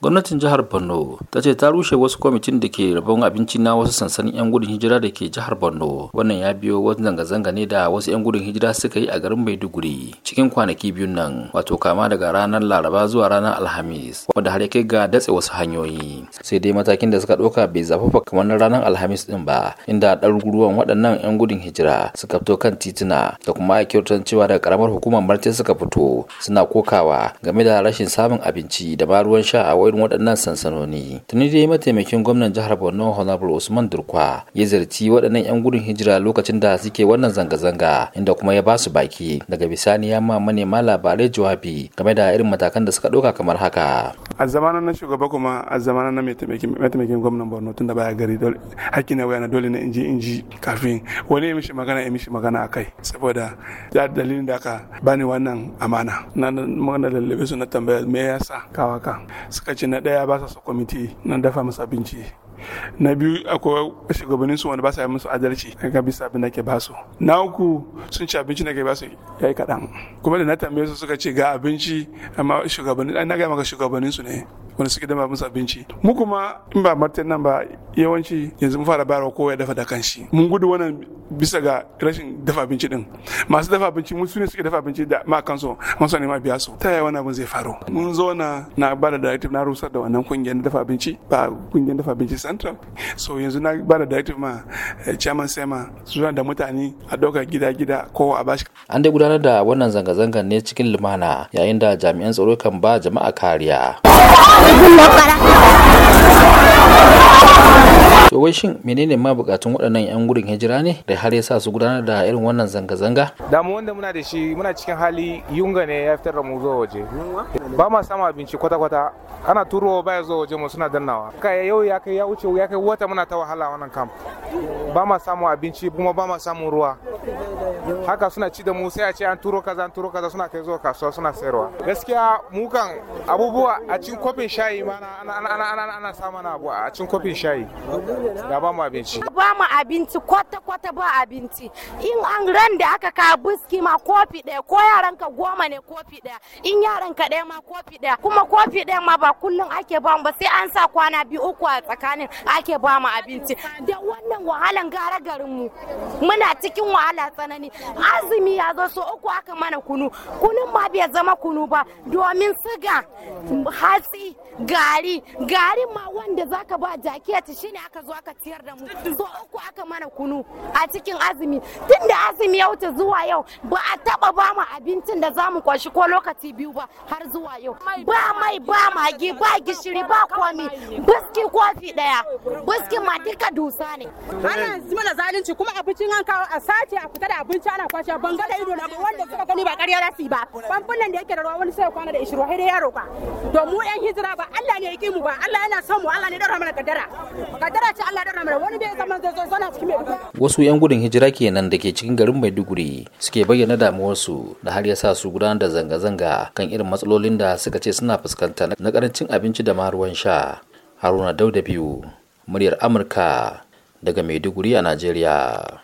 gwamnatin jihar borno ta ce ta rushe wasu kwamitin da ke rabon abinci na wasu sansanin 'yan gudun hijira da ke jihar borno wannan ya biyo wasu zanga-zanga ne da wasu 'yan gudun hijira suka yi a garin maiduguri cikin kwanaki biyu nan wato kama daga ranar laraba zuwa ranar alhamis wanda har ya kai ga datse wasu hanyoyi sai dai matakin da suka ɗauka bai zafafa kamar na ranar alhamis din ba inda ɗaruruwan waɗannan 'yan gudun hijira suka fito kan tituna da kuma kyautar cewa daga karamar hukumar martin suka fito suna kokawa game da rashin samun abinci da ba ruwan sha a irin waɗannan sansanoni tuni dai mataimakin gwamnan jihar borno honorable usman durkwa ya zarci waɗannan 'yan gudun hijira lokacin da suke wannan zanga-zanga inda kuma ya ba su baki daga bisani ya ma manema labarai jawabi game da irin matakan da suka ɗauka kamar haka a zamanan na shugaba kuma a zamanan na mataimakin gwamnan borno tun da baya gari hakki na wayana dole na inji inji kafin wani ya mishi magana ya mishi magana a kai saboda ya dalilin da aka bani wannan amana na magana lallabe su na tambaya me yasa kawaka suka ce na ɗaya ba sa kwamiti na dafa masa abinci na biyu akwai shugabannin su wanda ba sa yi musu adalci ga bisa abin da ke ba su na uku sun ci abinci da ke ba su ya yi kaɗan kuma da na tambaye su suka ce ga abinci amma shugabannin an na maka shugabannin su ne wani suke dama musu abinci mu kuma in ba martin nan ba yawanci yanzu mu fara bayarwa kowa ya dafa da kanshi mun gudu wannan bisa ga rashin dafa abinci din masu dafa abinci mu sune suke dafa abinci da ma kansu mun sani ma biya su ta yaya wannan abin zai faru mun zo na na ba da directive na rusar da wannan kungiyar dafa abinci ba kungiyar dafa abinci central so yanzu na ba da directive ma eh, chairman sema su da mutane a dauka gida gida kowa a bashi an dai gudanar da wannan zanga-zangar ne cikin lumana yayin da jami'an tsaro kan ba jama'a kariya to wai shin menene ma bukatun waɗannan 'yan gudun hijira ne da har ya sa su gudanar da irin wannan zanga-zanga damu wanda muna da shi muna cikin hali yunga ne ya fitar da mu zuwa waje ba ma samu abinci kwata-kwata ana turowa baya zuwa waje mu suna dannawa kai yau ya kai ya wuce ya kai wata muna ta wahala wannan kam ba ma samu abinci kuma ba ma samu ruwa haka suna ci da mu sai a ce an turo kaza an turo kaza suna kai zuwa kasuwa suna sayarwa gaskiya mu kan abubuwa a cin kofin shayi ma ana na abu a cin kofin shayi da ba mu abinci ba mu abinci kwata kwata ba abinci in an ran da aka ka buski ma kofi daya ko yaran ka goma ne kofi daya in yaran ka daya ma kofi daya kuma kofi daya ma ba kullum ake ba mu ba sai an sa kwana biyu uku a tsakanin ake ba mu abinci da wannan wahalan gara garin mu muna cikin wahala tsanani ne azumi ya zo so uku aka mana kunu kunun ma bai zama kunu ba domin siga hatsi gari gari ma wanda zaka ba jaki shine aka zo aka ciyar da mu so uku aka mana kunu a cikin azumi tunda azumi ya wuce zuwa yau ba a taba ba mu abincin da zamu kwashi ko lokaci biyu ba har zuwa yau ba mai ba magi ba gishiri ba komi biski kofi daya biski ma duka dusa ne ana da zalunci kuma abincin an kawo a sace a fita da abinci ana kwashe ban ga da ido na wanda suka gani ba ƙarya za su yi ba famfunan da yake da ruwa wani sai kwana da ishirin sai dai yaro ka to mu yan hijira ba Allah ne yake mu ba Allah yana son mu Allah ne da rahmar kaddara kaddara ce Allah da rahmar wani bai zama zai zo zana cikin Maiduguri wasu yan gudun hijira kenan da ke cikin garin Maiduguri suke bayyana damuwarsu da har ya sa su gudanar da zanga-zanga kan irin matsalolin da suka ce suna fuskanta na karancin abinci da ma ruwan sha Haruna Dauda biyu muryar Amurka daga Maiduguri a Najeriya